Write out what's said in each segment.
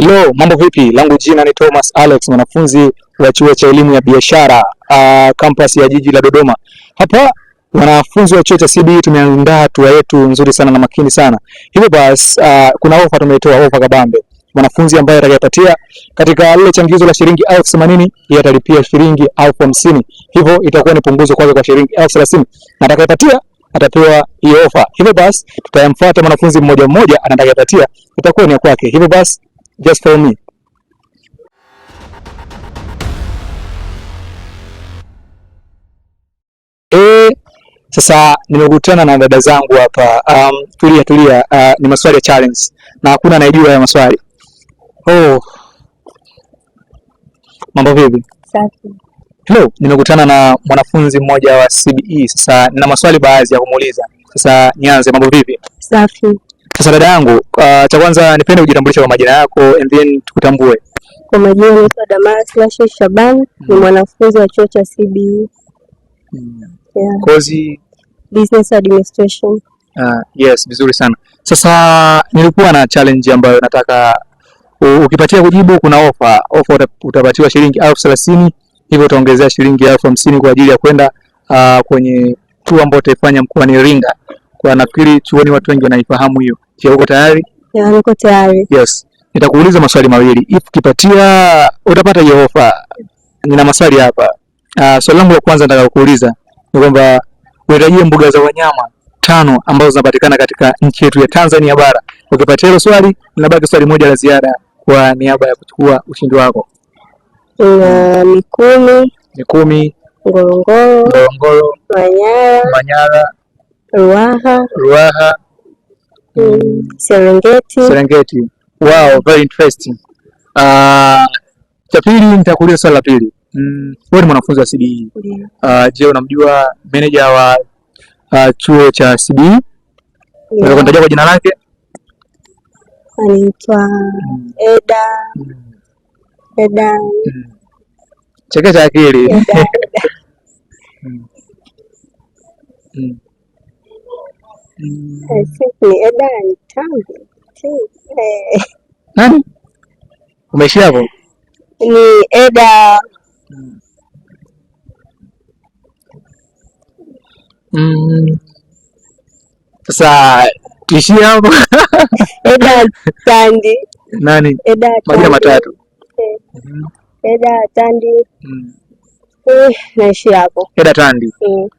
Hello, mambo vipi? Langu jina ni Thomas Alex, mwanafunzi wa chuo cha elimu ya biashara uh, campus ya jiji la Dodoma. Hapa wanafunzi wa chuo cha CBE tumeandaa hatua yetu nzuri sana na makini sana. Hivyo basi uh, kuna ofa tumetoa ofa kabambe. Mwanafunzi ambaye atakayepatia katika lile changizo la shilingi elfu themanini yeye atalipia shilingi elfu hamsini. Hivyo itakuwa ni punguzo kwake kwa shilingi elfu thelathini. Na atakayepatia atapewa hiyo ofa. Hivyo basi tutamfuata mwanafunzi mmoja mmoja, anatakayepatia itakuwa ni kwake. Hivyo basi just tell me. Eh, sasa nimekutana na dada zangu hapa. Um, tulia tulia, uh, ni maswali ya challenge na hakuna anayejua ya maswali. Oh, mambo vipi? Safi. Hello, nimekutana na mwanafunzi mmoja wa CBE. Sasa nina maswali baadhi ya kumuuliza. Sasa nianze, mambo vipi? Safi. Sasa dada yangu, uh, cha kwanza nipende ujitambulishe kwa majina yako and then tukutambue. Kwa majina naitwa Damasi Rashid Shaban ni mm. mwanafunzi wa chuo cha CBE. Mm. Kozi business administration. Uh, yes, vizuri sana. Sasa nilikuwa na challenge ambayo nataka ukipatia kujibu kuna ofa. Ofa utapatiwa shilingi elfu thelathini hivyo utaongezea shilingi elfu hamsini kwa ajili ya kwenda uh, kwenye tour ambayo utaifanya mkoani Iringa. Kwa nafikiri chuoni watu wengi wanaifahamu hiyo. Je, uko tayari? Ya, niko tayari. Yes. Nitakuuliza maswali mawili. If kipatia utapata hiyo ofa. Nina maswali hapa. Uh, swali langu la kwanza nataka kukuuliza ni kwamba unatajia mbuga za wanyama tano ambazo zinapatikana katika nchi yetu ya Tanzania bara. Ukipatia hilo swali, inabaki swali moja la ziada kwa niaba ya kuchukua ushindi wako. Na Mikumi, Mikumi, Ngorongoro, Ngorongoro, Manyara, Manyara, Ruaha, Ruaha mm. Serengeti. Serengeti. Wow, very interesting. Uh, cha pili nitakuuliza swali la pili. Mm, wewe ni mwanafunzi wa CBE. Uh, je, unamjua meneja wa uh, chuo cha CBE? Yeah. Unaweza kunitaja kwa jina lake? Anaitwa mm. Eda. Mm. Eda. Mm. Chekesha akili. Eda. Eh, mm. eh, eh. Nani umeishi hapo? Ni Eda mm. sasa tuishi hapo Eda Tandi. Nani? Eda majina matatu. Eda Tandi. Mm. Eh, naishi hapo Heda Tandi. Mm. Uh,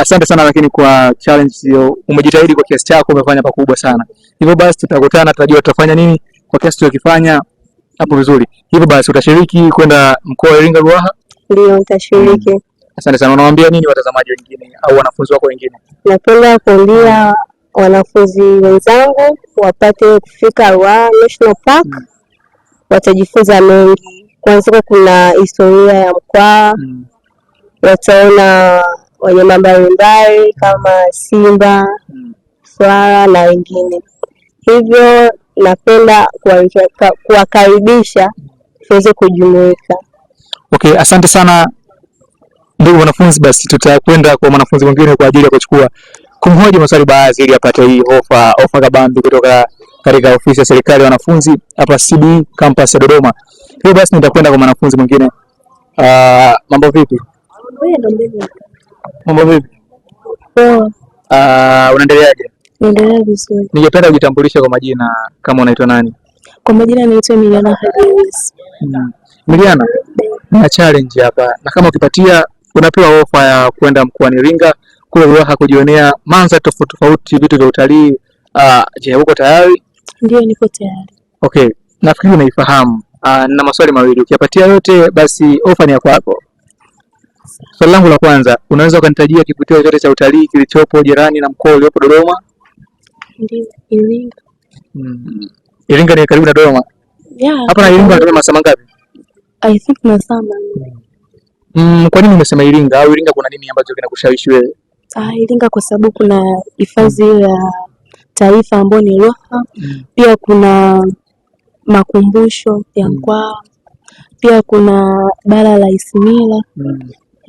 asante sana lakini kwa challenge hiyo umejitahidi kwa kiasi chako, umefanya pakubwa sana. Hivyo basi tutakutana, tutajua tutafanya nini kwa kiasi tulichokifanya hapo vizuri. Hivyo basi utashiriki kwenda mkoa wa Iringa Ruaha? Ndio, nitashiriki. Mm. Asante sana. Unawaambia nini watazamaji wengine au wanafunzi wako wengine? Napenda kuambia wanafunzi wenzangu wapate kufika Ruaha National Park. Mm. Watajifunza mengi Mwanzuko kuna historia ya mkwaa mm. Wataona wanyama mbalimbali kama simba mm. swara na wengine hivyo, napenda kuwakaribisha tuweze kujumuika. Okay, asante sana ndugu wanafunzi. Basi tutakwenda kwa mwanafunzi mwingine kwa ajili ya kuchukua kumhoji maswali baadhi, ili apate hii ofa ofa kabambi kutoka katika ofisi ya serikali ya wanafunzi hapa CBE campus ya Dodoma. Hiyo basi nitakwenda kwa mwanafunzi mwingine. Uh, mambo vipi? Mambo vipi? Poa. Uh, unaendeleaje? Naendelea vizuri. Ningependa ujitambulishe kwa majina, kama unaitwa nani? Kwa majina naitwa Miliana Hadiwesi. Mm. Miliana, na challenge hapa na kama ukipatia unapewa ofa ya kwenda mkoani Iringa kule Ruaha kujionea manza tofauti tofauti, vitu vya utalii. Ah, je, uko tayari? Ndio, niko tayari. Okay, nafikiri unaifahamu. Ah, na maswali mawili, ukiyapatia yote basi ofa ni ya kwako. Swali langu la kwanza, unaweza ukanitajia kivutio chote cha utalii kilichopo jirani na mkoa uliopo Dodoma? Ndio, Iringa. Mm. Iringa ni karibu na Dodoma. Yeah. Hapa na Iringa ndio masaa mangapi? I think masaa mangapi. Mm, kwa nini umesema Iringa? Au Iringa kuna nini ambacho kinakushawishi wewe? Ah, Iringa kwa sababu kuna hifadhi ya taifa ambao ni Ruaha mm. Pia kuna makumbusho ya Mkwawa mm. Pia kuna bara la Isimila mm.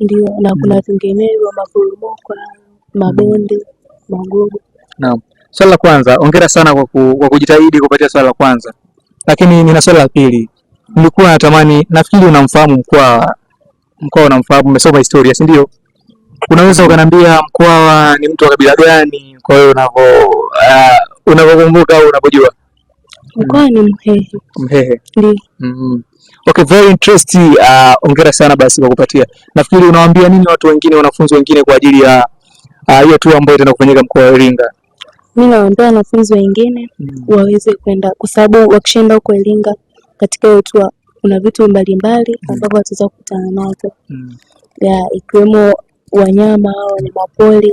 Ndio na kuna mm. vinginevyo maporomoko, mabonde, mm. magogo. Naam, swali la kwanza, ongera sana kwa, ku, kwa kujitahidi kupatia swali la kwanza, lakini nina swali la pili. Nilikuwa natamani, nafikiri unamfahamu Mkwawa. Mkwawa unamfahamu, umesoma historia, si ndio? unaweza ukaniambia Mkwawa ni mtu wa kabila gani? Kwa hiyo unavyo uh, unavyokumbuka au unapojua Mkwawa ni Mhehe. Mhehe. Ndio. Mm. Mm-hmm. Okay, very interesting. Uh, ongera sana basi kwa kupatia. Nafikiri unawaambia nini watu wengine, wanafunzi wengine kwa ajili ya uh, hiyo tu ambayo itaenda kufanyika mkoa wa Iringa? Mimi nawaambia wanafunzi wengine mm. waweze kwenda kwa sababu wakishaenda huko Iringa katika hiyo tu kuna vitu mbalimbali mm. ambavyo wataweza kukutana nazo. Mm. Ya ikiwemo wanyama au wanyamapori,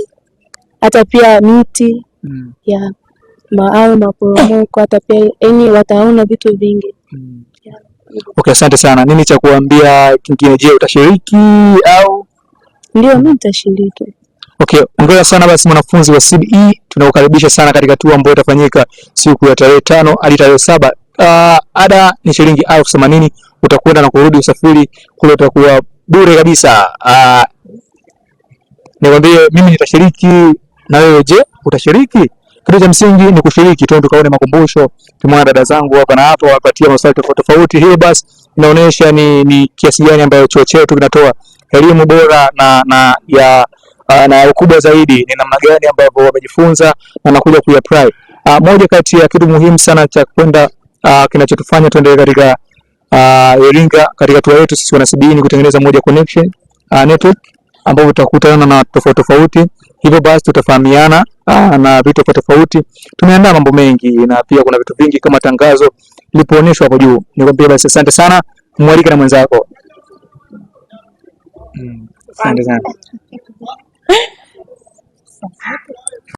hata pia miti mm. ya maawe maporomoko, hata pia yani wataona vitu vingi mm. yeah. Okay, asante sana. Nini cha kuambia kingine? Je, utashiriki au? Ndio, mimi nitashiriki. Okay, ongera sana basi mwanafunzi wa CBE, tunakukaribisha sana katika tour ambayo itafanyika siku ya tarehe tano hadi tarehe saba. Uh, ada ni shilingi elfu themanini. Utakwenda na kurudi, usafiri kule utakuwa bure kabisa. Uh, niwaambie mimi nitashiriki na wewe je, utashiriki? Kitu cha msingi ni kushiriki tu, tukaone makumbusho. Tumeona dada zangu hapa na hapa wapatia maswali tofauti tofauti. Hii basi inaonyesha ni, ni kiasi gani ambayo chuo chetu kinatoa elimu bora na, na ya ah, na ukubwa zaidi ni namna gani ambavyo wamejifunza na nakuja kuapply. Ah, moja kati ya kitu muhimu sana cha kwenda ah, kinachotufanya tuendelee katika Iringa katika tuwa yetu sisi wana CBE ni kutengeneza moja connection network ambapo tutakutana na tofauti tofauti, hivyo basi tutafahamiana ah, na vitu tofauti tofauti. Tumeandaa mambo mengi na pia kuna vitu vingi kama tangazo lipoonyeshwa hapo juu. Nikwambia basi, asante sana, mwalike na mwenzako. Mm, asante sana.